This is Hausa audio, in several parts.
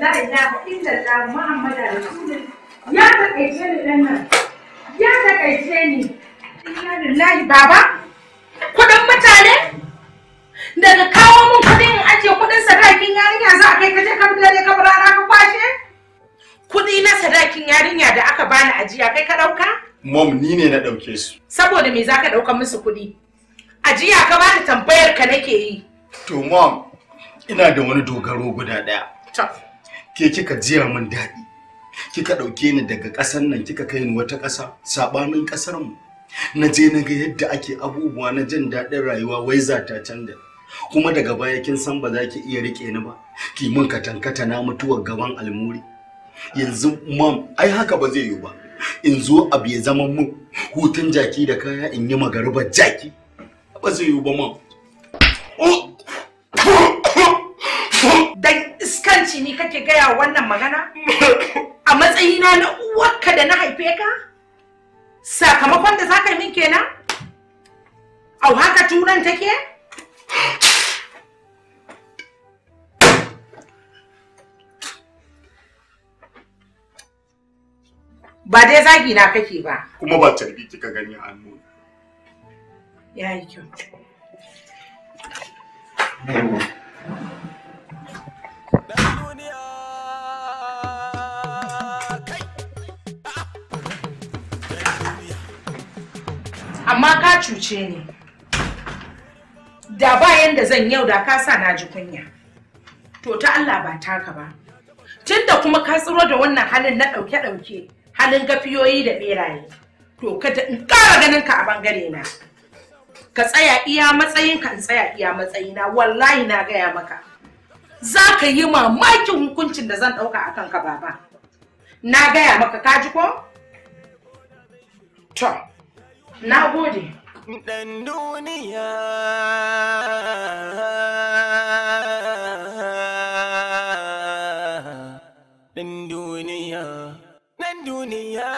la muhammadu ya takaice ni ɗan nan ya takaice ni lillahi baba kuɗin mutane daga kawo mun kuɗin in ajiye kuɗin sadakin yarinya za a kai kaje ka dare ka rana ka kwashe Kuɗi na sadakin yarinya da aka bani ajiya kai ka ɗauka? mom ni ne na ɗauke su saboda me zaka ɗauka musu kuɗi, ajiya ka bani tambayar ka nake yi to mom ina da wani dogaro guda daya ke kika jiya min daɗi kika ɗauke ni daga ƙasar nan kika kai ni wata ƙasa saɓanin ƙasar mu na je na ga yadda ake abubuwa na jin daɗin rayuwa wai za ta canja kuma daga baya kin san ba za ki iya rike ni ba ki min katankata na mutuwar gaban almuri yanzu mam ai haka ba zai yiwu ba in zo abu ya zama mu hutun jaki da kaya in yi magaruba jaki ba zai yiwu ba mam oh! iskanci ni kake gaya wannan magana? A matsayina na uwarka da na haife ka? Sakamakon da za ka min kenan? Au haka turan take? Ba dai zagi na kake ba. Kuma ba tarbi kika gani a hannu. Ya kyau. cuce ni da bayan da zan yau da kasa na ji kunya to ta Allah ba taka ba tunda kuma ka tsiro da wannan halin na ɗauke ɗauke halin gafiyoyi da ɓeraye to ka ta in ƙara ganin ka a bangare na ka tsaya iya matsayin ka in tsaya iya matsayina wallahi na gaya maka za ka yi mamakin hukuncin da zan ɗauka a kanka baba na gaya maka ka ji ko to na gode ɗan duniya ɗan duniya ɗan duniya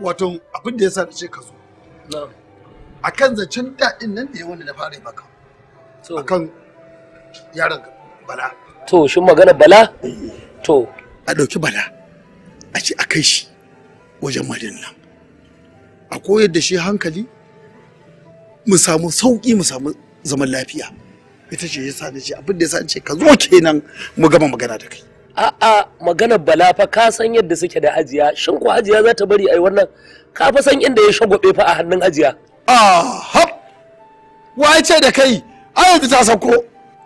wato abin da ya sa ce ka zo a kan zancen daɗin nan da ya wani na fara maka a kan yaron bala to shi magana bala eh. to a ɗauki bala a ce a kai shi wajen madina a koyar da shi hankali mu samu sauƙi mu samu zaman lafiya ita ce yasa da ce abin da yasa ce ka zo kenan mu gama magana da kai a'a maganar bala fa ka san yadda suke da hajiya shin ko hajiya za ta bari ai wannan ka fa san inda ya shagwabe fa a hannun hajiya ah, Wa ya ce da kai ai yanzu ta sako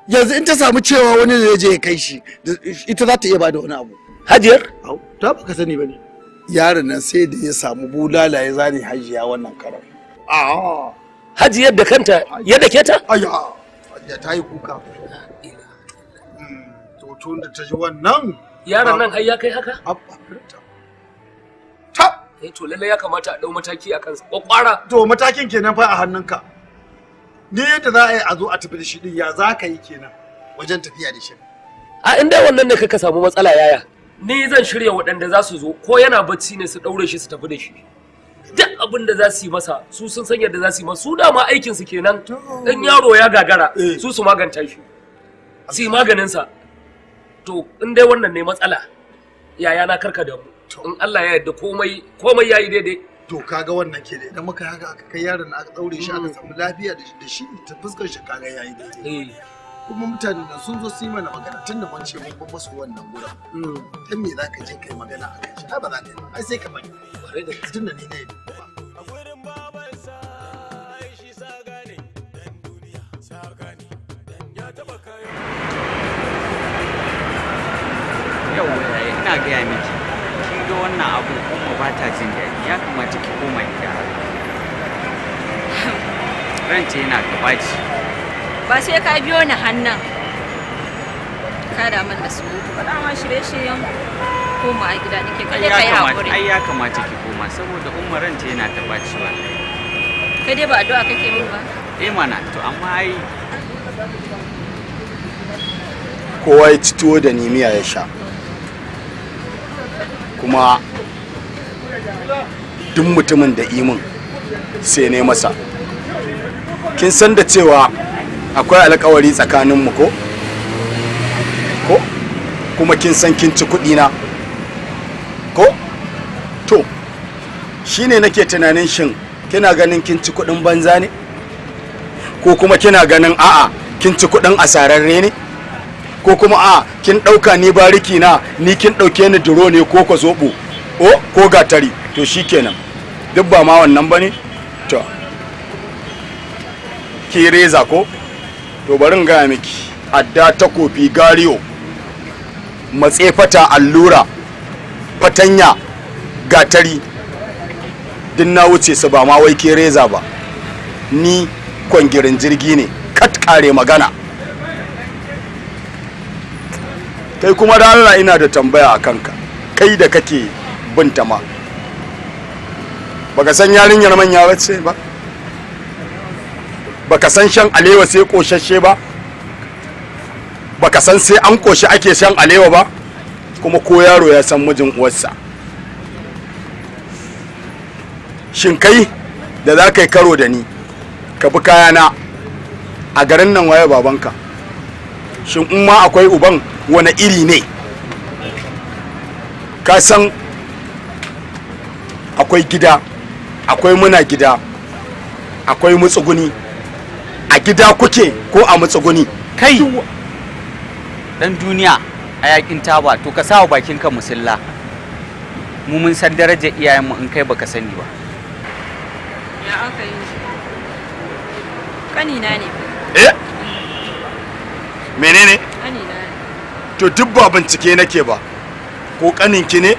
yanzu in ta samu cewa wani ne ya je ya kai shi ita za ta iya bada wani abu hajiyar ta ka sani bane yaron nan sai da ya samu bulala ya zane hajiya wannan karan Haji yadda kanta ya dake ta aya hajiya ta yi kuka hmm, to tun da ta ji wannan yaron nan har ya kai haka ta eh to lalle ya kamata a dau mataki a kansa kwakwara to matakin kenan fa a hannunka Ni yadda za a yi a zo a tafi da shi din ya za ka yi kenan wajen tafiya da shi a inda wannan ne kaka samu matsala yaya ni zan shirya waɗanda za su zo ko yana bacci ne su ɗaure shi su tafi da shi duk abin da za su yi masa su sun san yadda za su yi masa su dama aikin su kenan in yaro ya gagara su su maganta shi su yi maganin sa to in dai wannan ne matsala yaya na karka da mu in Allah ya yarda komai komai yayi daidai to kaga wannan ke idan muka haka aka kai yaron aka daure shi aka samu lafiya da shi ta fuskar shi kaga yayi daidai eh. kuma mutane da sun zo su yi mana magana tun da mun ce mun kuma su wannan gurin ta me za ka je kai magana a kan shi ba za ka yi ai sai ka bari bare da tun da ni ne yau ina gaya miki kin ga wannan abu kuma ba ta jin daɗi ya kamata ki koma gida ranta yana gabaci ba sai ka biyo ni hannan kada min da su da ma shirye-shiryen koma a gida nake kalle ka yi ai ya kamata ki koma saboda umaran ta yana ta baci wallahi kai dai ba addu'a kake min ba eh mana to amma ai kowa ya ci tuwo da nimiya ya sha kuma duk mutumin da imin sai ne masa kin san da cewa akwai alkawari tsakaninmu ko ko kuma kin san kin ci na ko to shine nake tunanin shin kina ganin kin ci kuɗin banza ne ko kuma kina ganin a'a kin ci kuɗin asararre ne ko kuma a kin ɗauka ni bariki na ni kin ɗauke ni duro ne ko ka zobo o ko gatari to shikenan duk ba ma wannan ba to ki reza ko to bari in gaya miki adda takofi gariyo matse fata allura fatanya gatari din na wuce su ba ma wai ke reza ba ni kwangirin jirgi ne kat kare magana kai kuma da Allah ina da tambaya a kanka kai da kake bintama baka san yarinyar manya bace ba baka san shan alewa sai koshashe ba baka san sai an koshi ake shan alewa ba kuma ko yaro ya san mijin uwarsa shin kai da za ka yi karo da ni ka bi kayana a garin nan waye babanka shin in ma akwai uban wani iri ne ka san akwai gida akwai muna gida akwai mutsuguni a gida kuke ko a matsuguni kai dan duniya a yakin taba to ka sawa bakin ka musilla mu mun san darajar iyayenmu in kai baka sani ba ya aka yi kanina ne eh menene kanina to duk ba bincike nake ba ko kaninki ne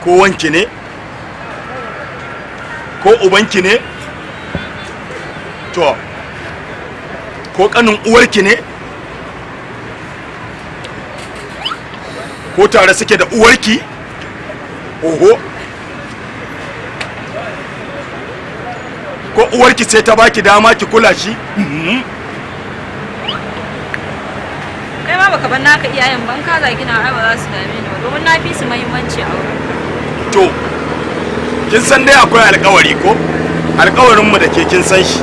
ko wanki ne ko ubanki ne to ko kanin uwarki ne ko tare suke da uwarki oho ko uwarki ce ta baki dama ki kula shi mhm. kai ma baka ban naka iyayen ban ka zagi na ai ba za su dame ni ba domin na fi su muhimmanci a wurin to kin san dai akwai alƙawari ko alƙawarin mu da ke kin san shi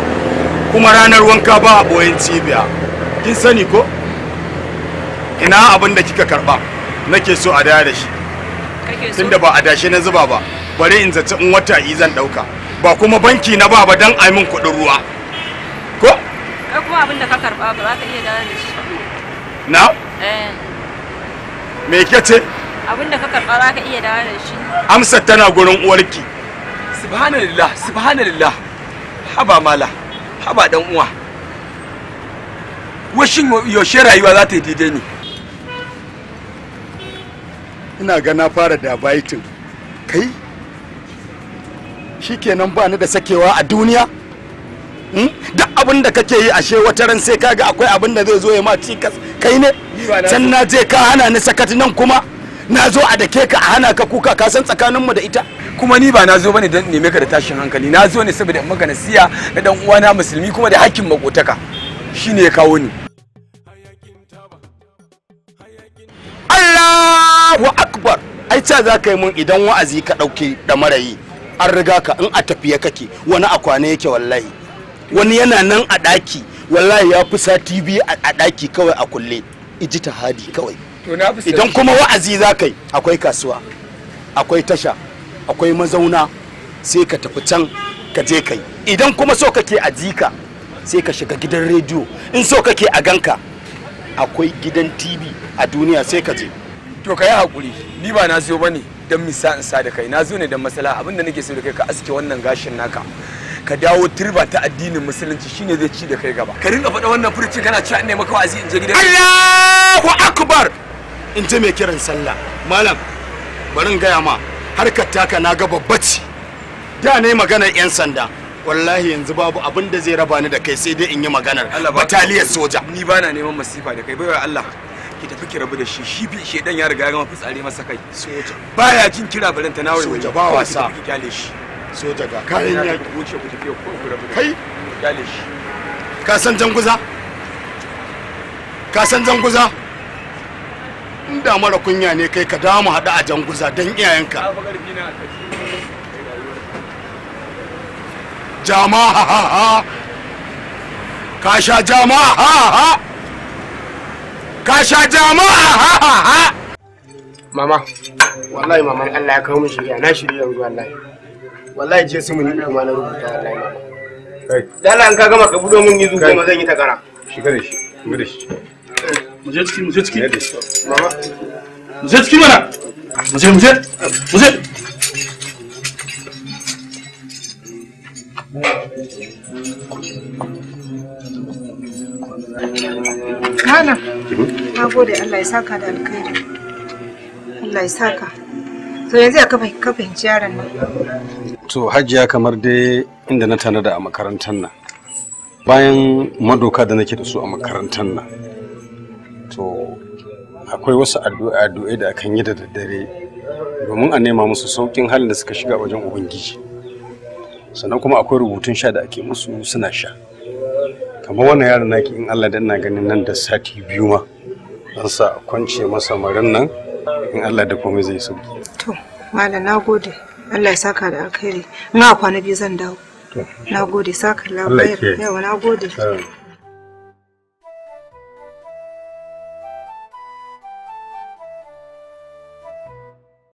kuma ranar wanka ba a boyen cibiya kin sani ko ina abin da kika karba nake so a daya da shi tunda ba a dashe na zuba ba bare in zaci in wata yi zan dauka ba kuma banki na ba ba dan a min kuɗin ruwa ko kai kuma abin da ka karba ba za ka iya daya da shi na eh me ce abin da ka karba za ka iya daya da shi amsar tana gurin uwarki subhanallah subhanallah haba mala haba dan uwa washin yaushe rayuwa za ta yi daidai ne ina ga na fara da baitin kai shikenan ba ni da sakewa a duniya hmm? duk abin da kake yi ashe wata ran sai kaga akwai abin da zai zo ya ma cikas kai ne can na je ka hana ni sakati nan kuma na zo a dake ka a hana ka kuka ka san tsakaninmu da ita kuma ni ba na zo bane don neme ka da tashin hankali na zo ne saboda maka nasiya da dan uwana musulmi kuma da hakkin makotaka shine ya kawo ni Allahu akbar ai ca za ka yi mun idan wa'azi ka ɗauki da marayi an riga ka in a tafiya kake wani a kwane yake wallahi wani yana nan a ɗaki wallahi ya fi sati biyu a ɗaki kawai a kulle iji hadi kawai idan kuma wa'azi za ka yi akwai kasuwa akwai tasha akwai mazauna sai ka tafi can ka je kai idan kuma so kake a jika sai ka shiga gidan rediyo in so kake a ganka akwai gidan tv a duniya sai ka je to ka yi hakuri ni ba na zo bane don misa in sa da kai na zo ne don masala da nake so da kai ka aske wannan gashin naka ka dawo turba ta addinin musulunci shine zai ci da kai gaba ka rinka faɗa wannan furucin kana cewa ne maka wa'azi in je gidan Allahu akbar in je mai kiran sallah malam bari in gaya ma harkar taka na ga babba ce da ne maganar 'yan sanda wallahi yanzu babu abin da zai raba ni da kai sai dai in yi maganar bataliyar soja ni ba na neman masifa da kai baiwa Allah ki tafi ki rabu da shi shi bi shedan ya riga ya gama fitsari masa kai soja baya jin kira barin ta nawaye soja ba wasa ki kyale shi soja ga kayan ya ki wuce ku tafi ku rabu da kai kyale shi ka san janguza ka san janguza inda mara kunya ne kai ka damu hada a janguza don iyayenka jama ha ha ha ka sha jama ha ha ka sha jama ha ha ha mama wallahi mama Allah ya kawo mishi shirya na shirya yanzu wallahi wallahi je su mun kuma na rubuta wallahi mama kai dala an ka gama ka budo mun yi zuwa zan yi takara shi kare shi shi mu je ciki mu je ciki mama mu mana mu je na gode Allah ya saka da alkhairi. Allah ya saka. To yanzu ya ka fahimci yaran nan. To hajiya kamar dai inda na tanada a makarantar nan. Bayan madoka da nake da su a makarantar nan, wato akwai wasu addu'a da akan yi da daddare domin a nema musu saukin halin da suka shiga wajen ubangiji sannan kuma akwai rubutun sha da ake musu suna sha kamar wannan yaron naki in Allah da ina ganin nan da sati biyu ma an sa kwance masa marin nan in Allah da komai zai sauki to malam nagode Allah ya saka da alkhairi ina kwana biyu zan dawo nagode saka lafiya yawa nagode